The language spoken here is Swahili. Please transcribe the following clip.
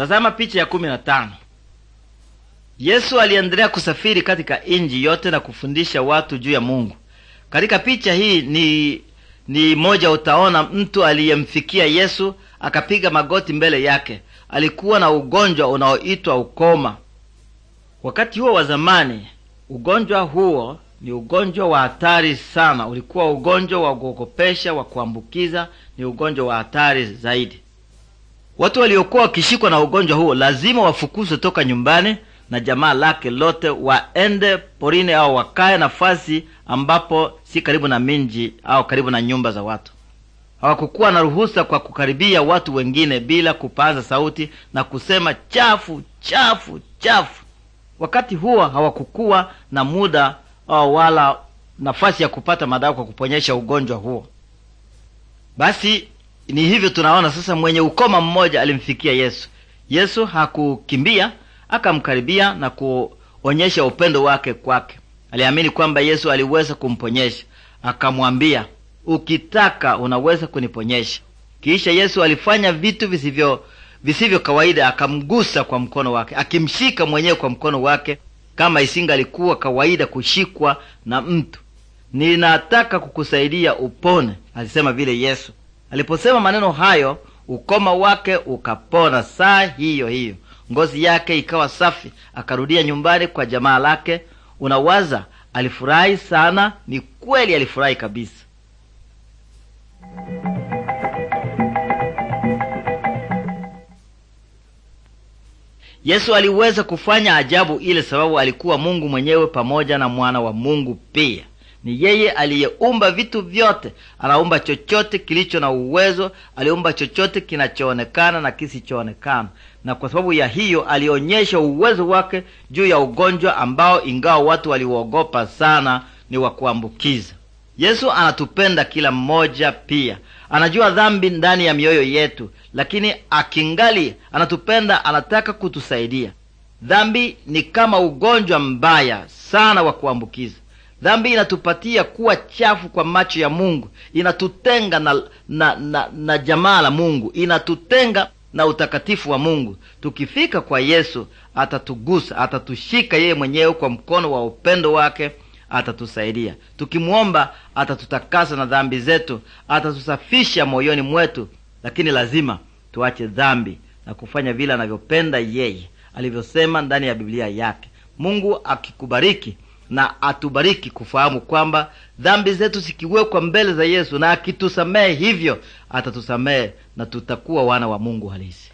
Tazama picha ya kumi na tano. Yesu aliendelea kusafiri katika inji yote na kufundisha watu juu ya Mungu. Katika picha hii ni ni moja, utaona mtu aliyemfikia Yesu akapiga magoti mbele yake. Alikuwa na ugonjwa unaoitwa ukoma. Wakati huo wa zamani, ugonjwa huo ni ugonjwa wa hatari sana. Ulikuwa ugonjwa wa kuogopesha, wa kuambukiza, ni ugonjwa wa hatari zaidi. Watu waliokuwa wakishikwa na ugonjwa huo lazima wafukuzwe toka nyumbani na jamaa lake lote, waende porini au wakae nafasi ambapo si karibu na minji au karibu na nyumba za watu. Hawakukuwa na ruhusa kwa kukaribia watu wengine bila kupaza sauti na kusema chafu chafu chafu. Wakati huo hawakukuwa na muda au uh, wala nafasi ya kupata madawa kwa kuponyesha ugonjwa huo. Basi ni hivyo tunaona sasa, mwenye ukoma mmoja alimfikia Yesu. Yesu hakukimbia, akamkaribia na kuonyesha upendo wake kwake. Aliamini kwamba Yesu aliweza kumponyesha, akamwambia, ukitaka unaweza kuniponyesha. Kisha Yesu alifanya vitu visivyo visivyo kawaida, akamgusa kwa mkono wake, akimshika mwenyewe kwa mkono wake, kama isinga alikuwa kawaida kushikwa na mtu. Ninataka kukusaidia upone, alisema vile Yesu. Aliposema maneno hayo, ukoma wake ukapona saa hiyo hiyo, ngozi yake ikawa safi, akarudia nyumbani kwa jamaa lake. Unawaza alifurahi sana? Ni kweli alifurahi kabisa. Yesu aliweza kufanya ajabu ile, sababu alikuwa Mungu mwenyewe pamoja na mwana wa Mungu pia. Ni yeye aliyeumba vitu vyote. Anaumba chochote kilicho na uwezo, aliumba chochote kinachoonekana na kisichoonekana, na kwa sababu ya hiyo alionyesha uwezo wake juu ya ugonjwa ambao, ingawa watu waliuogopa sana, ni wa kuambukiza. Yesu anatupenda kila mmoja pia. Anajua dhambi ndani ya mioyo yetu, lakini akingali anatupenda, anataka kutusaidia. Dhambi ni kama ugonjwa mbaya sana wa kuambukiza. Dhambi inatupatia kuwa chafu kwa macho ya Mungu, inatutenga na, na, na, na jamaa la Mungu, inatutenga na utakatifu wa Mungu. Tukifika kwa Yesu atatugusa, atatushika yeye mwenyewe kwa mkono wa upendo wake, atatusaidia. Tukimwomba atatutakasa na dhambi zetu, atatusafisha moyoni mwetu, lakini lazima tuache dhambi na kufanya vile anavyopenda yeye, alivyosema ndani ya Biblia yake. Mungu akikubariki na atubariki kufahamu kwamba dhambi zetu zikiwekwa mbele za Yesu na akitusamehe hivyo, atatusamehe na tutakuwa wana wa Mungu halisi.